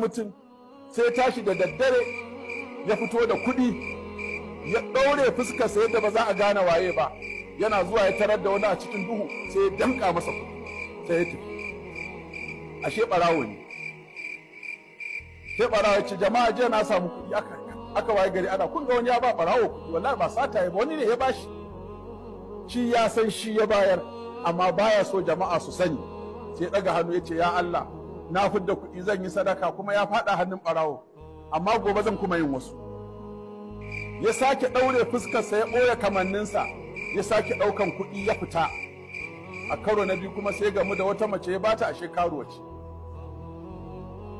mutum sai tashi da daddare ya fito da kuɗi ya ɗaure fuskarsa yadda ba za a gane waye ba yana zuwa ya tarar da wani a cikin duhu sai ya damka masa kudi sai ya tafi ashe ɓarawo ne sai ɓarawo ce jama'a jiya na samu kuɗi aka aka waye gari ana kun ga wani ya ba ɓarawo kuɗi wallahi ba sata yi ba wani ne ya bashi shi ya san shi ya bayar amma baya so jama'a su sani sai ya ɗaga hannu ya ce ya Allah na fidda kuɗi zan yi sadaka kuma ya faɗa hannun ɓarawo amma gobe zan kuma yin wasu ya sake ɗaure fuskarsa ya ɓoye kamanninsa ya sake ɗaukan kuɗi ya fita a karo na biyu kuma sai gamu da wata mace ya bata ashe karuwa ce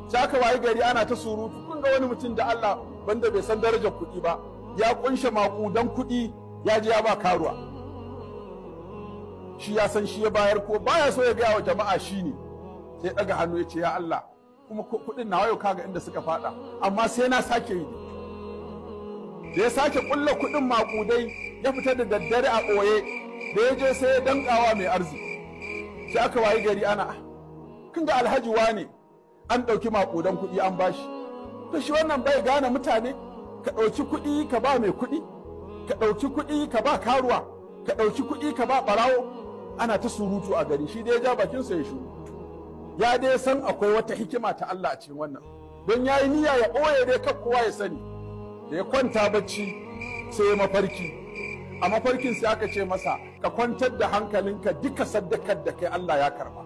Jaka waye gari ana ta surutu kun ga wani mutum da Allah banda bai san darajar kuɗi ba ya kunshe maƙudan kuɗi ya je ya ba karuwa shi ya san shi ya bayar ko baya so ya gaya wa jama'a shi ne ya daga hannu ya ce ya Allah kuma kuɗin nawa yau kaga inda suka fada amma sai na sake yi da ya sake ƙulla kuɗin maƙudai ya fita da daddare a ɓoye da ya je sai ya dankawa mai arziki sai aka wayi gari ana kin ga alhaji wane an ɗauki makudan kuɗi an bashi to shi wannan bai gane mutane ka ɗauki kuɗi ka ba mai kuɗi ka ɗauki kuɗi ka ba karuwa ka ɗauki kuɗi ka ba ɓarawo ana ta surutu a gari shi da ya ja bakinsa ya shuru ya dai san akwai wata hikima ta Allah a cikin wannan don ya yi niyya ya ɓoye dai kan kowa ya sani da ya kwanta bacci sai mafarki a mafarkin sai aka ce masa ka kwantar da hankalinka duka saddakar da kai Allah ya karba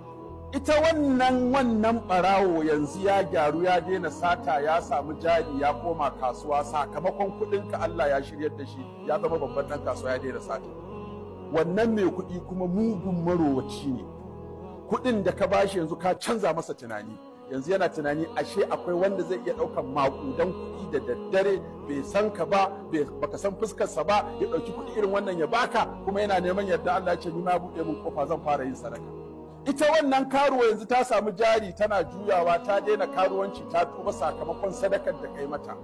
ita wannan wannan ɓarawo yanzu ya gyaru ya daina sata ya samu jari ya koma kasuwa sakamakon kuɗinka Allah ya shiryar da shi ya zama babban ɗan kasuwa ya daina sata wannan mai kuɗi kuma mugun marowaci ne kuɗin da ka bashi yanzu ka canza masa tunani yanzu yana tunani ashe akwai wanda zai iya ɗaukan makudan kuɗi da daddare bai san ka ba baka san fuskarsa ba ya ɗauki kuɗi irin wannan ya baka kuma yana neman yadda Allah ce ni ma buɗe min kofa zan fara yin sadaka ita wannan karuwa yanzu ta samu jari tana juyawa ta daina karuwanci ta tuba sakamakon sadakar da kai mata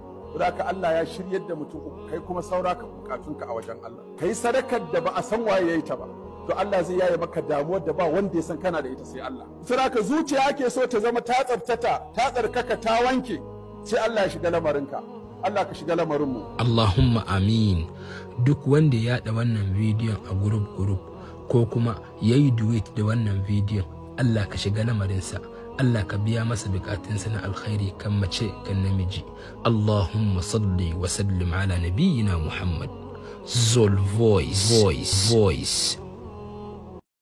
ka Allah ya shiryar da mutum uku kai kuma saura ka bukatunka a wajen Allah kai sadakar da ba a san waye yayi ta ba to Allah zai yaye maka damuwar da ba wanda ya san kana da ita sai Allah ka zuciya ke so ta zama ta tsaftata ta tsarkaka ta wanke sai Allah ya shiga lamarinka Allah ka shiga lamarinmu Allahumma amin duk wanda ya da wannan bidiyon a gurup-gurup ko kuma ya yi duet da wannan bidiyon Allah ka shiga lamarinsa Allah ka biya masa bukatunsa na alkhairi kan mace kan namiji Allahumma salli wa sallim ala nabiyyina Muhammad Zol voice voice voice